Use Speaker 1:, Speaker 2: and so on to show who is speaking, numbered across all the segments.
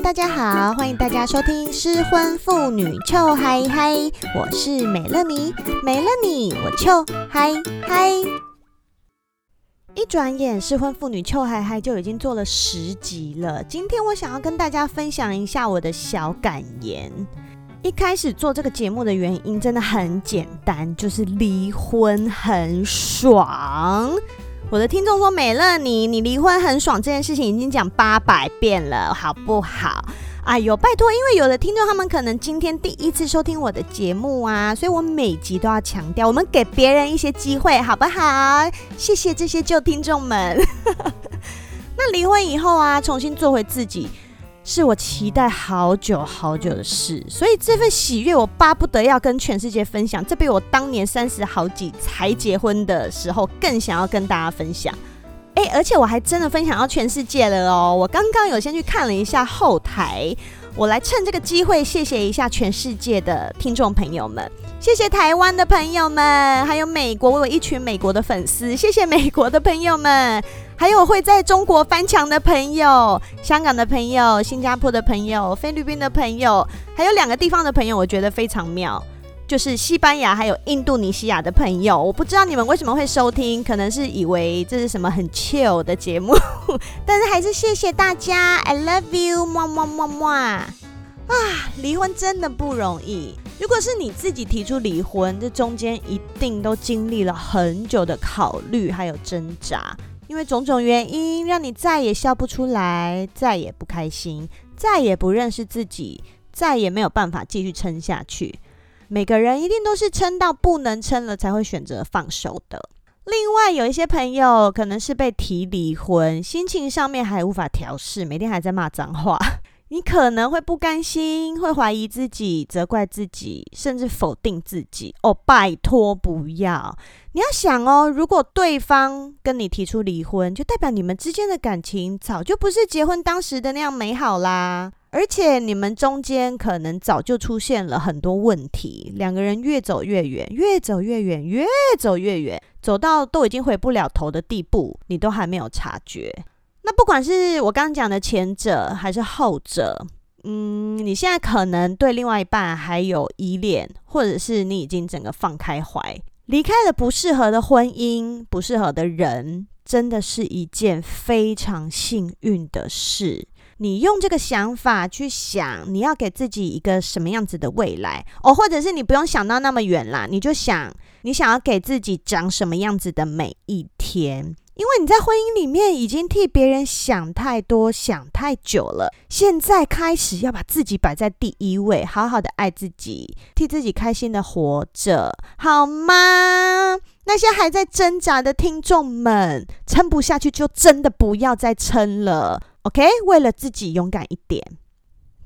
Speaker 1: 大家好，歡迎大家收聽《失婚婦女 Chill High High》，我是美樂妮，美樂妮我 Chill High High。一轉眼，失婚婦女 Chill High High 就已經做了十集了。今天我想要跟大家分享一下我的小感言。一開始做這個節目的原因真的很簡單，就是離婚很爽。我的聽眾說，美樂妮，你離婚很爽這件事情已經講八百遍了，好不好？哎呦，拜託，因為有的聽眾他們可能今天第一次收聽我的節目啊，所以我每集都要強調，我們給別人一些機會，好不好？謝謝這些舊聽眾們。 那離婚以後啊，重新做回自己。是我期待好久好久的事，所以這份喜悅我巴不得要跟全世界分享，這比我當年三十好幾才結婚的時候更想要跟大家分享。誒，而且我還真的分享到全世界了哦！我剛剛有先去看了一下後台，我來趁這個機會謝謝一下全世界的聽眾朋友們，謝謝台灣的朋友們，還有美國，我有一群美國的粉絲，謝謝美國的朋友們。還有會在中國翻牆的朋友，香港的朋友，新加坡的朋友，菲律賓的朋友，還有兩個地方的朋友，我覺得非常妙，就是西班牙還有印度尼西亞的朋友。我不知道你們為什麼會收聽，可能是以為這是什麼很 chill 的節目， 但是還是謝謝大家，I love you，麼麼麼麼啊！離婚真的不容易，如果是你自己提出離婚，這中間一定都經歷了很久的考慮還有掙扎。因為種種原因，讓你再也笑不出來，再也不開心，再也不認識自己，再也沒有辦法繼續撐下去。每個人一定都是撐到不能撐了才會選擇放手的。另外，有一些朋友可能是被提離婚，心情上面還無法調適，每天還在罵髒話。你可能會不甘心，會懷疑自己，責怪自己，甚至否定自己。哦，拜托不要！你要想哦，如果對方跟你提出離婚，就代表你們之間的感情早就不是結婚當時的那樣美好啦。而且你們中間可能早就出現了很多問題，兩個人越走越遠，越走越遠，越走越遠，走到都已經回不了頭的地步，你都還沒有察覺。那不管是我剛剛講的前者還是後者，嗯，你現在可能對另外一半還有依戀，或者是你已經整個放開懷，離開了不適合的婚姻、不適合的人，真的是一件非常幸運的事。你用這個想法去想，你要給自己一個什麼樣子的未來哦，或者是你不用想到那麼遠啦，你就想你想要給自己長什麼樣子的每一天。因為你在婚姻裡面已經替別人想太多、想太久了，現在開始要把自己擺在第一位，好好的愛自己，替自己開心的活着，好嗎？那些還在掙扎的聽眾們，撐不下去就真的不要再撐了，OK？為了自己勇敢一點。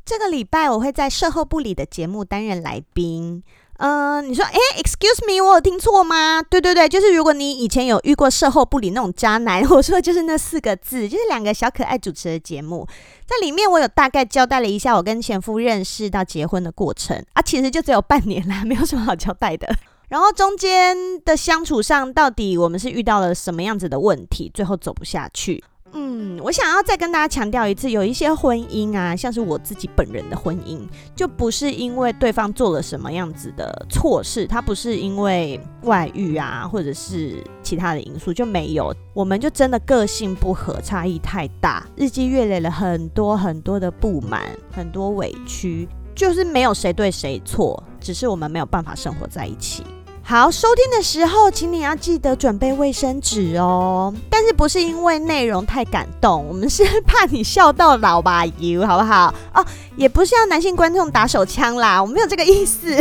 Speaker 1: 這個禮拜我會在射後不理的節目擔任來賓。嗯、呃，你說，誒 excuse me，我有聽錯嗎？對對對，就是如果你以前有遇過射後不理那種渣男，我說的就是那四個字，就是兩個小可愛主持的節目，在裡面我有大概交代了一下我跟前夫認識到結婚的過程啊，其實就只有半年啦，沒有什麼好交代的。然後中間的相處上，到底我們是遇到了什麼樣子的問題，最後走不下去？嗯，我想要再跟大家強調一次，有一些婚姻啊，像是我自己本人的婚姻，就不是因為對方做了什麼樣子的錯事，他不是因為外遇啊，或者是其他的因素，就沒有，我們就真的個性不合，差異太大，日積月累了很多很多的不滿，很多委屈，就是沒有誰對誰錯，只是我們沒有辦法生活在一起。好，收聽的時候，請你要記得準備衛生紙哦。但是不是因為內容太感動，我們是怕你笑到老吧油好不好？哦，也不是要男性觀眾打手槍啦，我沒有這個意思。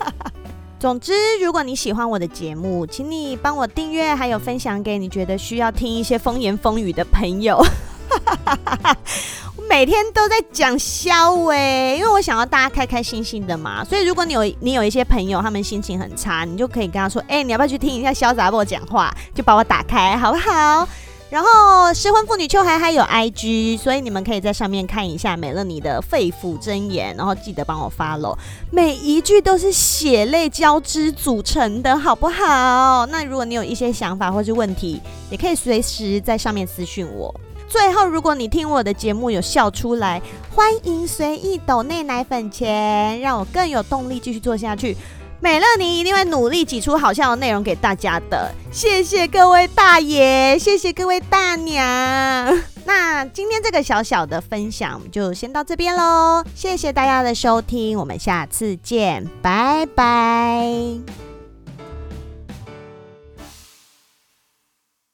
Speaker 1: 總之，如果你喜歡我的節目，請你幫我訂閱，還有分享給你覺得需要聽一些風言風語的朋友。 每天都在講笑誒、欸，因為我想要大家開開心心的嘛。所以如果你有你有一些朋友，他們心情很差，你就可以跟他說：“哎、欸，你要不要去聽一下痟查某講話？就把我打開好不好？”然後失婚婦女 Chill High High 有 IG，所以你們可以在上面看一下美樂妮的肺腑真言，然後記得幫我 follow，每一句都是血淚交織組成的好不好？那如果你有一些想法或是問題，也可以隨時在上面私訊我。最後，如果你聽我的節目有笑出來，歡迎隨意斗內奶粉錢，讓我更有動力繼續做下去。美樂妮一定會努力擠出好笑的內容給大家的。謝謝各位大爺，謝謝各位大娘。 那今天這個小小的分享，我們就先到這邊嘍。謝謝大家的收聽，我們下次見，拜拜。